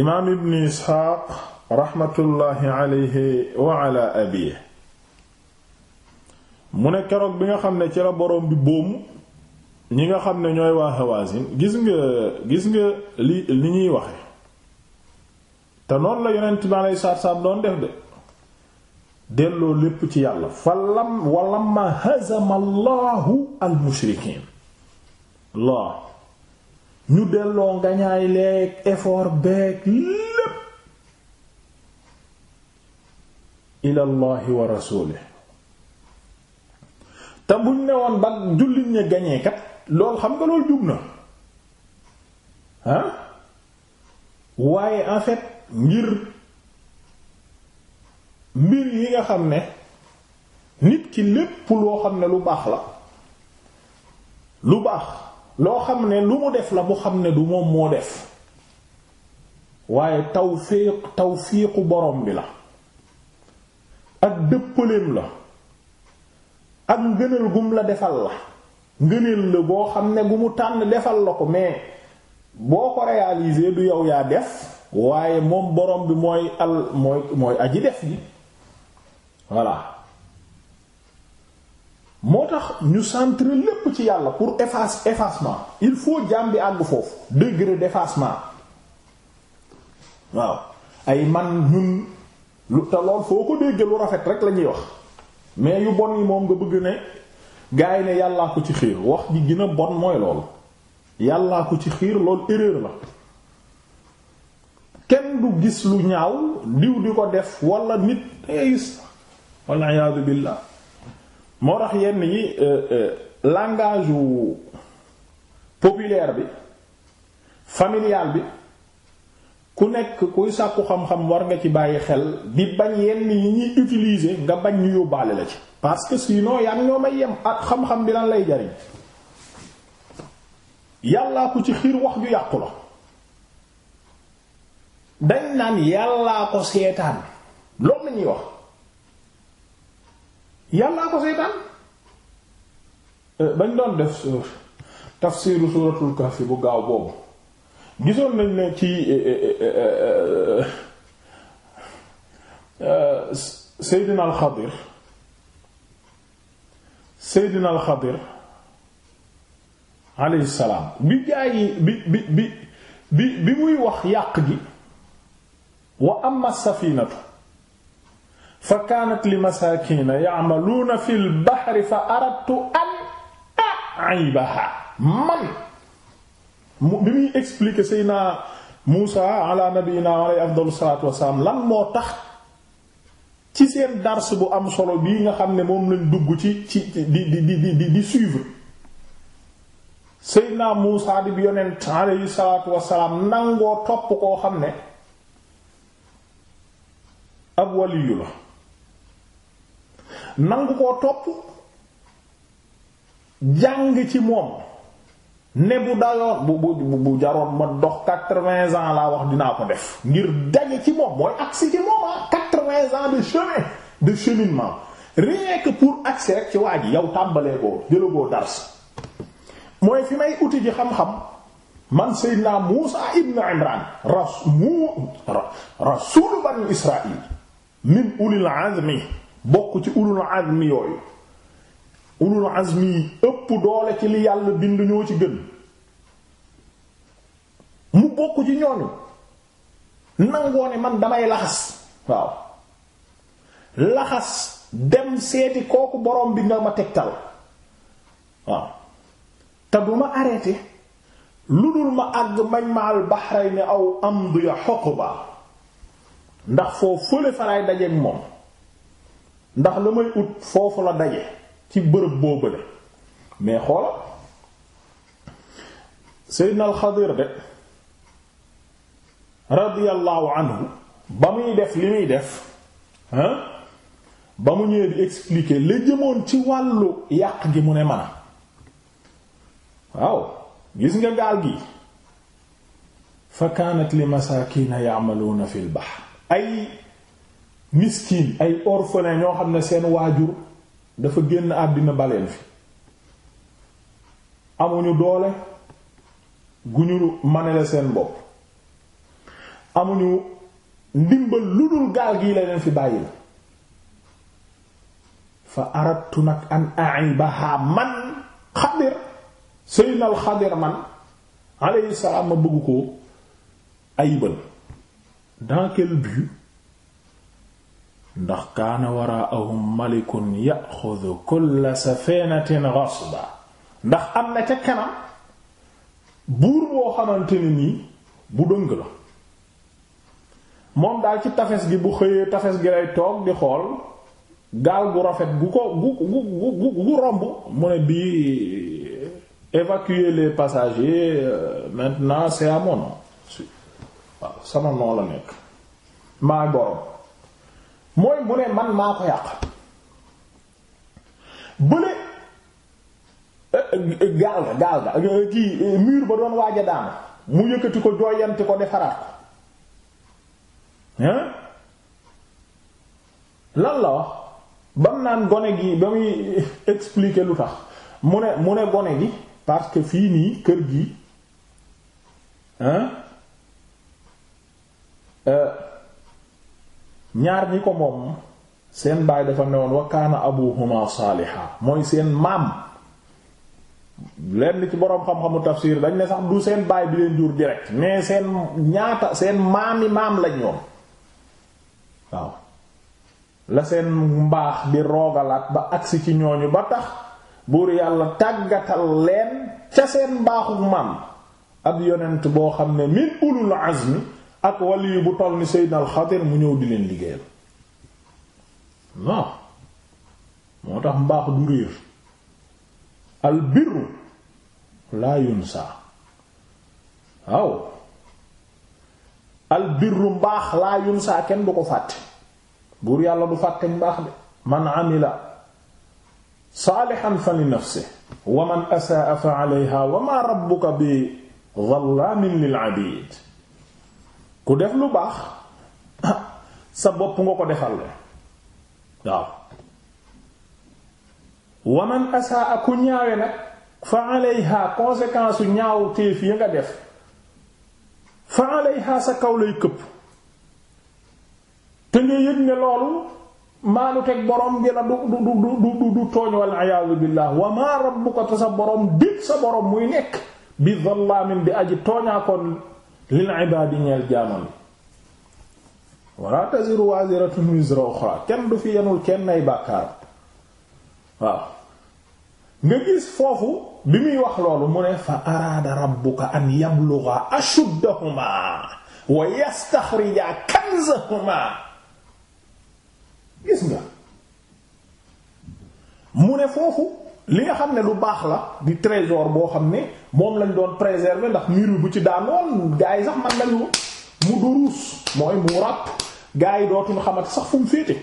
imaam ibn isxaaq raxmatullaahi wa ala mu ne keroog bi nga xam ne ci la boroom bi boomu ñi nga xam ne ñooy waa Hawazin gis nga gis nga li li ñuy waxe te noon la yonent bi alayhi salaatu salaam doon def de delloo lépp ci yàlla fa lam walamma hazama allahu al laa ñu delloo gañaay leeg effort beeg lépp ilallahi wa rasulih te buñ ne woon ba jullit ña gañee lool xam nga lool jub na ah waaye en fait ngir mbir yi nga xam ne nit ki lépp loo xam ne lu baax la lu baax loo xam ne lu mu def la mu xam ne du moom moo def waaye tawfiq tawfiqu borom bi la ak dëppaleem la ak ngëneel gum la defal la ngëneel la boo xam ne gu mu tànn defal la ko mais boo ko réaliser du yow yaa def waaye moom borom bi mooy al mooy mooy aji def ji voilà moo tax ñu centre lépp ci yàlla pour efface effacement il faut jaam bi àgg foofu degré d'effacement ay man ñun lu te lu rafet rek lañuy wax mais yu bon yi moom nga bëgg ne gaay ne yàllaa ko ci xiir wax ji gën a bon mooy loolu yàllaa ko ci xiir loolu erreur la kenn du gis lu ñaaw diw di ko def wala nit dangay eh, gis walla iyaadu billaah moo tax yenn yi euh, euh, langage wu bi familial bi ku nekk kuy sàkku xam-xam war nga ci bàyyi xel di bañ yenn yi ñuy utiliser nga bañ ñu yóbbaale la ci parce que sinon yaa ñoo may yem ak xam-xam bi lan lay jariñ yàllaa ko ci xiir wax ju yàqu la dañ naan yàllaa ko seetaan loolu lañuy wax yàllaa ko seytaan euh, bañ doon def tafsiru suuratul kahfi bu gaaw boobu gisoon nañ ne ci euh, euh, Seydina al Xadir Seydina al Xadir alayhi salaam bi jaay yi bi bi bi bi bi muy wax yàq gi wa amma safinatu fa kaanat li masaakiina ya'maluuna fil bahri fa aradtu an a'ibaha man mu bi muy expliquer Seydina Muusaa ala nabiyyinaa alayhi afdalu salaatu wassalaam lan moo tax ci seen dars bu am solo bii nga xam ne moom lañ dugg ci ci di di di di suivre Seydina Muusaa di yonent alayhi salaatu nangoo topp koo xam ne ab waliyu la nangu koo topp jàng ci moom ne bu dayoon bu bu bu jaroon ma dox quatre-vingts ans laa wax dinaa ko def ngir daje ci moom mooy agsi ci moom ah quatre-vingts ans de chemin de cheminement rien que pour agsi rek ci waa ji yow tàmbalee ko jëlagoo dars mooy fi may uti ji xam-xam man Seydina Muusa ibn Imran rasul bani Israil min ulil azmi bokk ci ulul azmi yooyu ulul azmi ëpp doole ci li yàlla bind ñoo ci gën mu bokk ci ñooñu nangoo ne man damay laxas waaw laxas dem seeti kooku boroom bi nga ma tegtal waaw te du ma arrêté lu dul ma àgg mañ ma al baxrayni aw amdiya xuqba ndax foo fële faraay dajeek moom ndax la may ut foofu la daje ci bërëb boo bële mais xoola Seydina Alxadir de radiyallahu anhu ba muy def li muy def hein ba mu ñëwee di expliquer la jëmoon ci wàllu yàq gi mu ne man waaw gis nga gaal gi fa kaanat li masaakiina ya'maluuna fil bahr ay miskin ay orphelin ñoo xam ne seen waajur dafa génn àddina baleen fi amuñu doole guñu manele seen bopp amuñu ndimbal lu dul gaal gii la leen fi bàyyil fa aradtu nag an aibaha man xadir sayyidina al xadir man alayhi salaam ma bëgg ko ayibal dans quel but ndax kaana waraahum malikun yaxudu kulla safinatin ghasba ndax am na ca kanam buur boo xamante ne nii bu dëng la moom daal ci tafes gi bu xëyee tafes gi lay toog di xool gaal bu rafet gu ko gu gu gu romb mu ne bii évacuer les passagers euh, maintenant c'est à mon waaw sama noo la nekk maa borom mooy mu ne man maa ko yàq bële euh, gaal ga gaal ga euh, kii euh, mur ba doon waaja daanu mu yëkkati ko jooyanti ko defaraat ko hein lan la wax bam naan gone gi ba muy expliquer lu tax mu ne mu ne gone gi parce que fii nii kër gi hein ñaar ñi ko moom seen baay dafa newoon wa kaana abuhuma saaliha mooy seen maam lenn ci boroom xam-xamu tafsir dañ ne sax du seen baay bi leen jur direct mais seen ñaata seen maami maam lañ ñoom waaw la seen mbaax di roogalaat ba agsi ci ñooñu ba tax buur yàlla tàggatal leen ca seen mbaaxu maam ab yonent boo xam ne min ulul azmi ak waliyu bu toll ni Seydina Al-Xadir mu ñëw di leen liggéeyal non moo tax mbaax du réer al laa yunsa waaw al mbaax laa yunsa kenn du ko fàtte buur yàlla du fàtte mbaax de man amila saalixan fa li nafsi wa man asaa fa alayha wa ma rabbuka bi dhallaamin lil abid ku def lu baax sa bopp nga ko defal la waaw waman asaa ku ñaawe nag fa alayha conséquence yu ñaaw téef yi nga def fa alayha sa kaw lay këpp te nga yëg ne loolu maanu teg borom gi la du du du du du tooñ wal ayaadu billaah wa maa rabbuka te sa borom dit sa borom muy nekk bi dhallaamin bi aji tooñaakoon lil ibaadi ñeel jaamal wala taziru waziratun wizra uxra kenn du fi yenul kenn ay bàkkaar waaw nga gis foofu bi muy wax loolu mu ne fa araada rabbuka an yablugha ashuddahuma wa yastaxrija gis nga mu ne foofu li nga xam ne lu baax la di trésor boo xam ne moom lañ doon préserver ndax miiru bu ci daanoon gaa yi sax man nañu mu duruus mooy mu ràpp gaa yi dootuñu xamat sax fu mu féete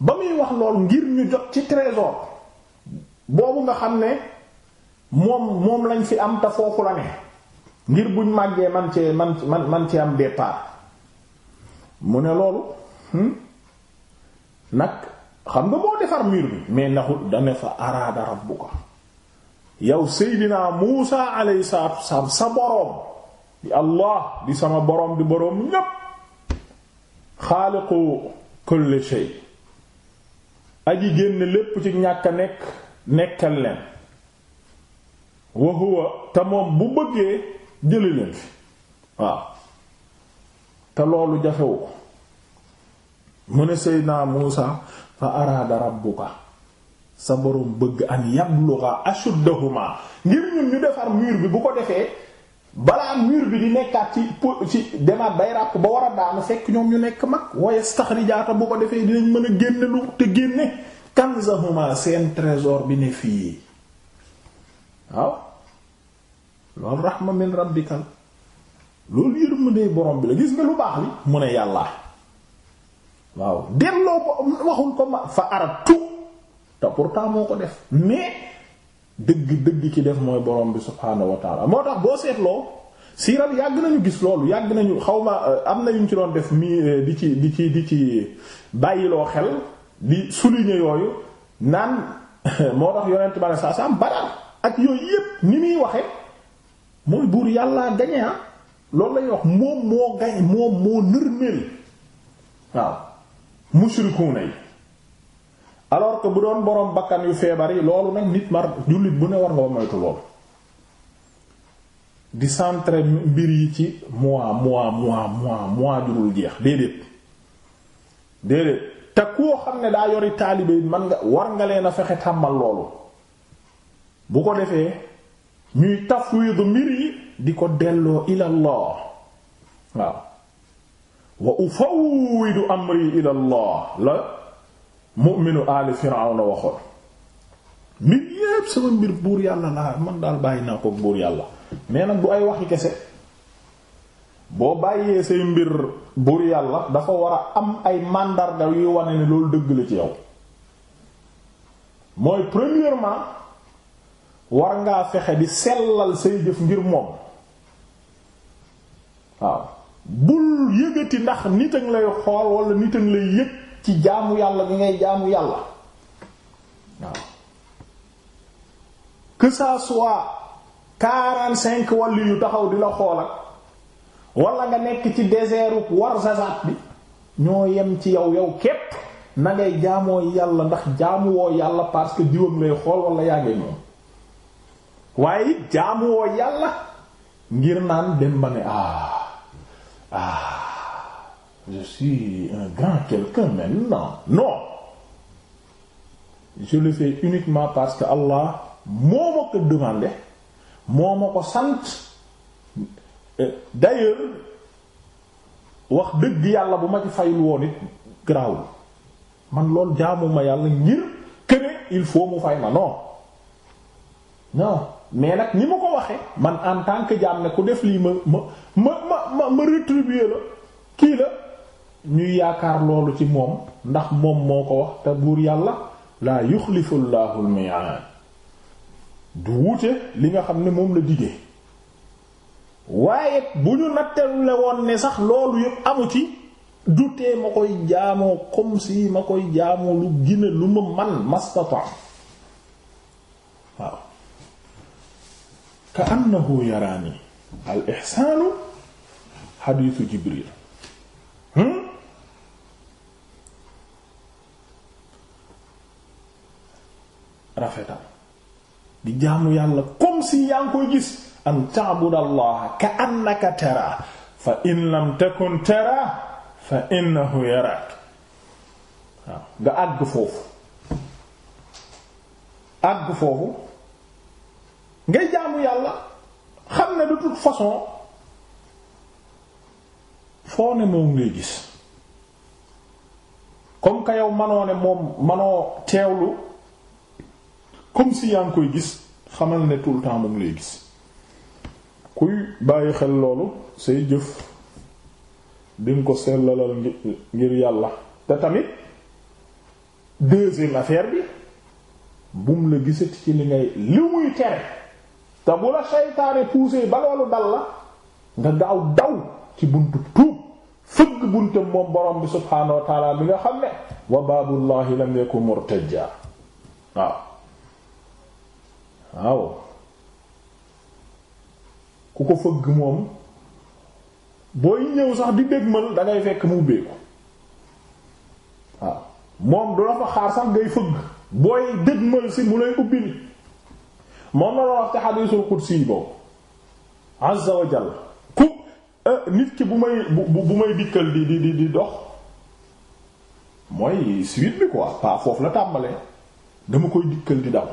ba muy wax lool ngir ñu jot ci trésor boobu nga xam ne moom moom lañ fi am te foofu la ne ngir buñ màggee man ci man man man ci am départ mu ne loolu hmm? nag xam nga moo defar mur bi mais naxul dane fa araada rabbuka yow seydinaa muusa alayhi sa boroom di allah di sama boroom di boroom ñépp xaaliqu kulli shay aji génn lépp ci ñàkk a nekk nekkal leen wa huwa bu bëggee jëli fi waaw te loolu jafewu ko mu ne seydinaa muusa fa araada rabbuka sa boroom bëgg an yabluga ashuddahuma ngir ñun ñu defar mur bi bu ko defee balaa mur bi di nekkaat ci ci demaat day ràpp ba war a daanu fekk ñoom ñu nekk mag waaye staxrijaata bu ko defee dinañ mën a génne lu te génne kanzahuma seen trésor bi ne fii waaw loolu rahma min rabbikal loolu yërmande borom bi la gis nga lu baax li mu ne yàlla waaw delloo loo waxul ko ma fa arabtu te pourtant moo ko def mais dëgg dëgg ci def mooy borom bi subhaanahu wa moo tax boo seetloo siira bi yàgg nañu gis loolu yàgg nañu xawma euh, am na yuñ ci doon def mii euh, di ci di ci di ci bàyyiloo xel di souligner yooyu naan moo tax yonent ba ne saa saam baral ak yooyu yépp ni muy waxe mooy buur yàlla gañe ah. loolu lañuy wax moom moo gañ moom moo nërmeel waaw mushrikuuna yi alors que bu doon boroom bakkan yu feebar yi loolu nag nit mar jullit bu ne war nga ba moytu loolu di centrer mbir yi ci mois mois moi mois mois jurul jeex déedéet déedéet te koo xam ne daa yori taalibe man nga war nga leen a fexe tàmbal loolu bu ko defee ñuy tafwiidu mbir yi di ko delloo ilallah waaw wa ufawwidu amri ila Allah la mu'minu aali Firawna waxoon mbir yépp sama mbir buur yàlla laa man daal bàyyi naa ko buur yàlla mais nag du ay waxi kese boo bàyyee say mbir buur yàlla dafa war a am ay màndarga yuy wane ne loolu dëgg la ci yow mooy premièrement war ngaa fexe di sellal say jëf ngir moom waaw bul yëgati ndax nit a lay xool wala nit a ngi lay yëg ci jaamu yàlla bi ngay jaamu yàlla waaw que ça soit quarante-cinq wàll yu taxaw di la xool ak nga nekk ci désertu Ouarzazate bi ñoo yem ci yow yow képp na ngay jaamoo yàlla ndax jaamu woo yàlla parce que diwam lay xool wala yaa ngi moom waaye it jaamu woo yàlla ngir naan dem ba ne ah. ah je suis un grand quelqu'un maintenant non je le fais uniquement parce que Allah moo ma ko demandé moo ma ko sant euh, d'ailleurs wax dëgg yàlla bu ma ci fayul woon it garaawul man loolu jaamu yàlla ngir que il faut mu fay ma non. non mais nag ni ma ko waxee man en tant que jaam ne ku def lii ma ma ma ma ma rétribuer la kii la ñuy yaakaar loolu ci moom ndax moom moo ko wax te buur yàlla laa yuxlifu llaahu al-mi'aad du wuute li nga xam ne moom la diggee waaye bu ñu nattelule woon ne sax loolu yëpp amu ci dutee ma koy jaamoo comme si ma koy jaamoo lu gine lu ma man mastata waaw ka annahu yaraani al ixsaanu xadiisu jibril hmm? rafetal di jaamu yàlla comme si yaa ngi koy gis an ta'budallaha ka annaka tara fa in lam takun tara fa innahu yaraak waaw nga àgg foofu àgg foofu ngay jaamu yàlla xam ne de toute façon foo ne moom ngay gis comme que yow manoo ne moom manoo teewlu comme si yaa ngi koy gis xamal ne tout le temps moom lay gis kuy bàyyi xel loolu say jëf dinga ko sellalal ngir yàlla te tamit deuxième affaire bi bum la gisati ci li ngay li muy tere te bu la seytaane poussé ba loolu dal la nga gaaw daw ci buntu tuub fëgg buntam moom borom bi subhaanahu wa taala bi nga xam ne wa baabullahi lam yakun murtajaa waaw ku ko fëgg moom booy ñëw sax di dégmal da fekk mu ubbeeku waaw moom du la fa xaar sax ngay fëgg booy dégmal si mu lay ubbil moom la wax ci xadiisul qudsi boobu azza wa ku eh, nit ki bu may bu bu may dikkal di di di dox mooy suite bi quoi pas foofu la tàmbalee dama koy dikkal di daw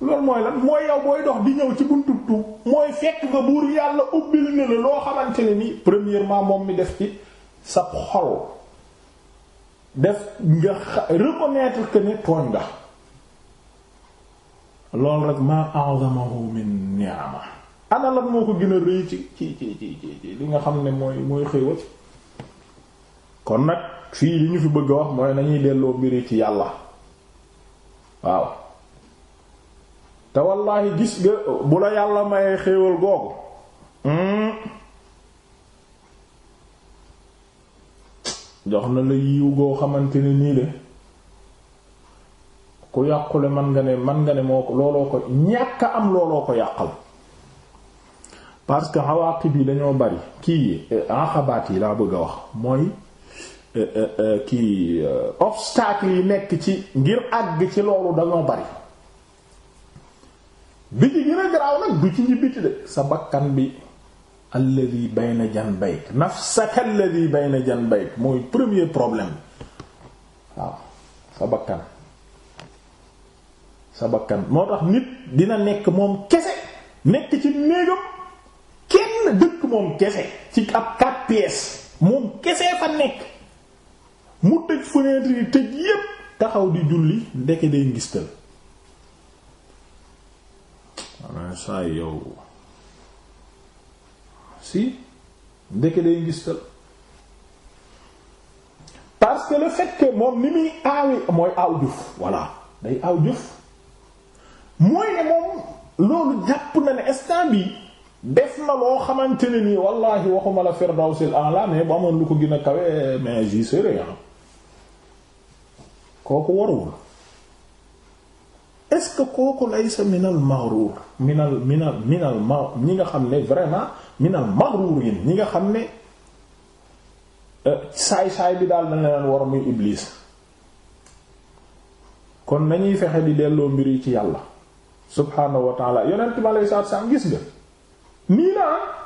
loolu mooy lan mooy yow booy dox di ñëw ci buntu tuub mooy fekk nga buur yàlla ubbil ne la loo xamante ne ni premièrement moom mi def ci sa xol def nga reconnaître que ne tooñ nga. loolu rek ma a'zamahu min ni'ama ana moo ko gën a rëy ci ci ci ci ci li nga xam ne mooy mooy xéewal kon nag fii li ñu fi bëgg a wax mooy nañuy delloo mbiri ci yàlla waaw te wallaahi gis nga bu la yàlla mayee xéewal googu hmm, jox na la yiw goo xamante ne nii de ku yàqule man nga ne man nga ne moo ko looloo ko ñàkk am looloo ko yàqal parce que xawaaqib bii dañoo bari kii eh, aqabaat yi laa bëgg a wax mooy eh, eh, kii obstacle yi nekk ci ngir àgg ci loolu dañoo bari bi ci gën a garaaw nag du ci ñibbiti de sa bakkan bi alladi bayna janbayk nafsaka alladi bayna janbayk mooy premier problème waaw sa bakkan sa bakkan moo tax nit dina nekk moom kese nekk ci néegam kenn dëkk moom kese ci ab quatre pièces moom kese fa nekk mu tëj fenêtre tëj yépp taxaw di julli ndeke day ngistal waaye saa yow parce que le fait moom ni muy aawi mooy aaw jëf voilà day aaw jëf mooy ne loolu jàpp na ne instant bi def na loo xamante ne nii wallahi waxuma la firdawsil a'la mais bu amoon lu ko gën a kawe mais j'y serai kooku waruwul est-ce que kooku laysa minal maghrur minal minal minal ma ñi nga xam ne vraiment minal maghrur ñi nga xam ne euh, saay-saay bi daal na leen war muy iblis kon nañuy fexe di delloo mbir yi ci yàlla subhaanahu wa taala yonent bi aleyhi salaatu salaam gis nga nii la ah.